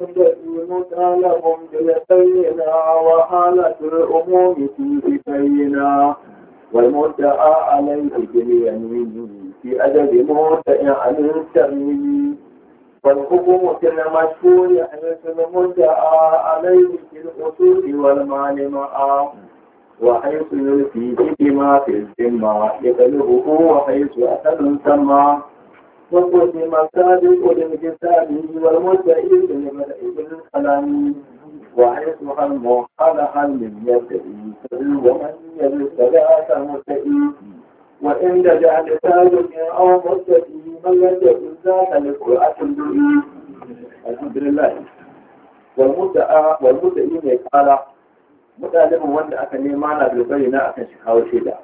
التي تعلم بيقينا وحالة الأمور فيه بينا والمدعى عليه باليمين في أدب مرتئ عن التميم والحكم كالمشهور حيث المدعى عليه في الأصول والمعلماء وحيث يلفيه بما في الذمة يبلغه وحيث أثر سماه وقوة ما سابق ولمجسامه والمدعي بالملائكة الكلام وحيثها الموحلها من يدعي ومن يدعي ثلاثة متئي وإن جعل سابق أو مدعي من يدعي ذات لقرأة الدعي الحمد لله والمدعي والمدعي قال mutalibin wanda aka nema na bilbari na akan shi kawo shaida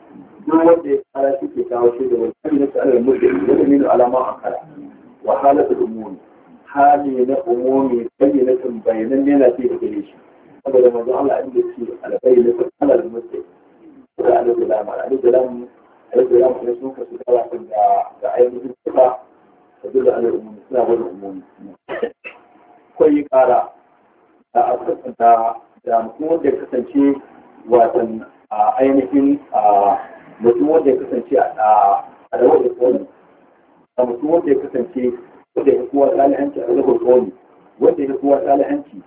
duk wanda ya kara shi ke kawo shaida wani kan na tsarar mulki da da nilo alama a kara wa halatul umumi hali na umumi bayyanatin bayanan yana ce da gare shi saboda manzo Allah inda ce albayyanatin alal mulki da alal lama alal lama alal lama ne sun kasu da da ayyukan da تدل على الأمومية لا غير kara da قال أصدقنا da mutum wanda ya kasance watan ainihin mutum wanda ya kasance a rawar da koli da mutum wanda ya kasance wanda ya kowa salihanci a rawar koli wanda ya kowa salihanci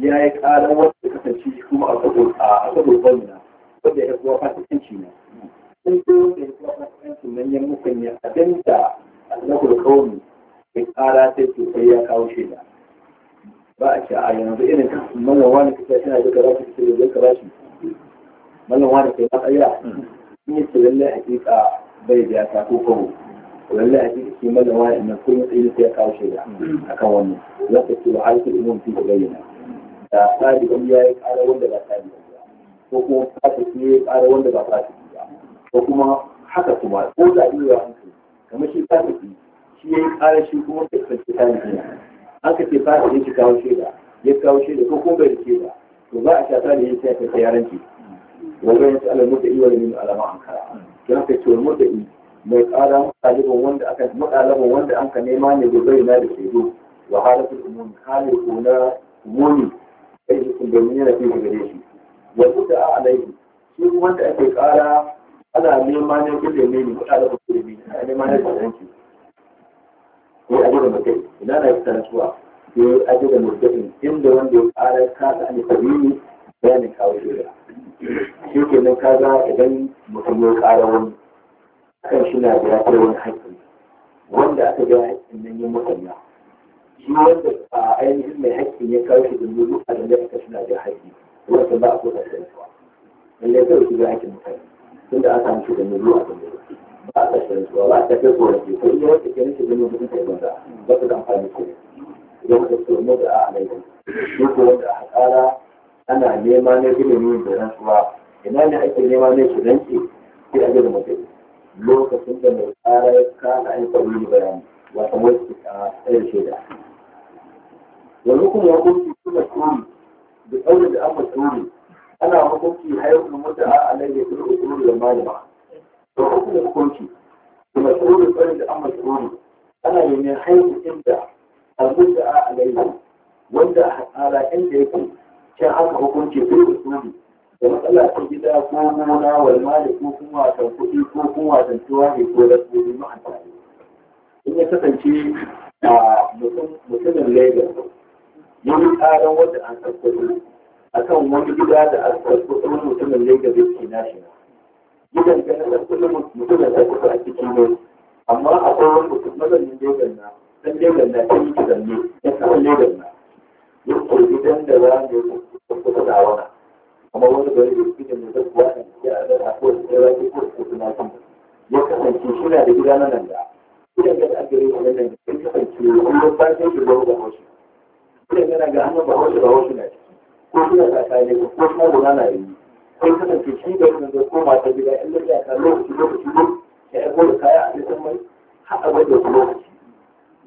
ya yi ƙarar wanda ya kasance kuma a saboda koli na wanda ya kowa fasikanci na sun ko wanda ya kuwa fasikanci nan ya mukan ya abin da a rawar koli ya ƙara sai sosai ya kawo shaida ba a ce a yanzu irin mallan wani kasa tana da garashi ta da zai garashi mallan wani kai matsaya in yi ce lallai hakika bai da ta ko kawo lallai hakika shi mallan wani na kullum tsaye sai ya kawo shaida akan wannan zaka ce wa alkul umum fi bayyana da sadiqan ya yi ƙara wanda ba sadiqan ba ko kuma fasiki ya yi ƙara wanda ba fasiki ba ko kuma haka kuma ko da iya hankali kamar shi fasiki shi ya yi ƙara shi kuma da kasance sadiqan aka ce fa da yake kawo shaida ya kawo shaida ko kuma bai rike ba to ba a shafa da yake ta ta yaranci wanda ya tsala mutu iwa min alama an kara to haka ce wal mutu mai kara mutalibin wanda aka mutalibin wanda an ka nema ne da bayyana da zo wa halatul umum halin ko na muni. sai su kun yana fi gare shi wal a alaihi shi wanda ake kara ana nema ne da ne mutalibin da ne ana nema ne da yanki ko aje da mutum ina na yi sanatuwa ko aje da mutum inda wanda ya fara kasa an yi sabili bayanin kawo shirya shi ke nan kaga idan mutum ya ƙara wani kan shi na da ya wani haƙƙi wanda aka ga haƙƙin nan ya mutum shi wanda a ainihin mai haƙƙin ya kawo shi da duk a da aka shi na da haƙƙi wanda ba a kusa sanatuwa lallai kawai shi ga haƙƙin mutane tunda aka mishi da nuru a domin da kai korafi ko iya wata ke nake zama mutum kai banza ba su da amfani ko idan ka so mu da a alaikum duk wanda a kara ana nema ne ilimi da rantsuwa ina ne ake nema ne su danki sai a gina mutum lokacin da mai kara ya kana an sauri bayani wata wasu a tsayar shaida wani kuma hukunci suna tsori da tsaurin da aka tsori ana hukunci har yi mutu a alaikum da kuma da malama to hukunci مشهور فرد أم مشهور أنا من حيث إمتع المدعى عليه وإمتع على عندكم كان عنك حكمك في الأسلوب ومسألة تجد أقومنا والمال كوكم وتنفقي كوكم وتنتواهي كولت بما أنت إن يتفنشي mutumin Lagos wani tsarin wadda an karkwato a kan wani gida da an karkwato mutumin Lagos yake nashi gidan ga nan kullum mutum da ta kusa a ciki ne amma akwai wani mutum mazanin legan na dan legan na yi yake zanne ya kawo legan na yake gidan da za mu kusa da wana amma wani gari da suke da zai kuwa da ya zara ko da ya zaki ko da suna kan ya kasance shi na da gida na nan da gidan ga da gare shi nan da ya kasance kullum ba sai shi zuwa ga hoshi gidan yana ga hannun ba hoshi ba hoshi na ciki ko suna tsakani ko kuma gona na yi ko ta tafi shi da wani zai koma ta gida in da ya lokaci lokaci ne ya aiko da kaya a cikin mai har a wajen lokaci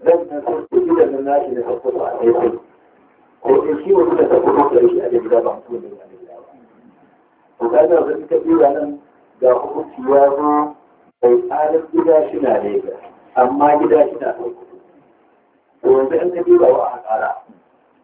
zan ta so ta gida na nashi da farko ba a kai ko in shi wani da tafi ko kai shi a gida ba mutum ne ba gida ba to ka ga wani ka biya nan ga hukunci ya zo bai tsarin gida shi na ne amma gida shi na farko to yanzu in ka biya wa a kara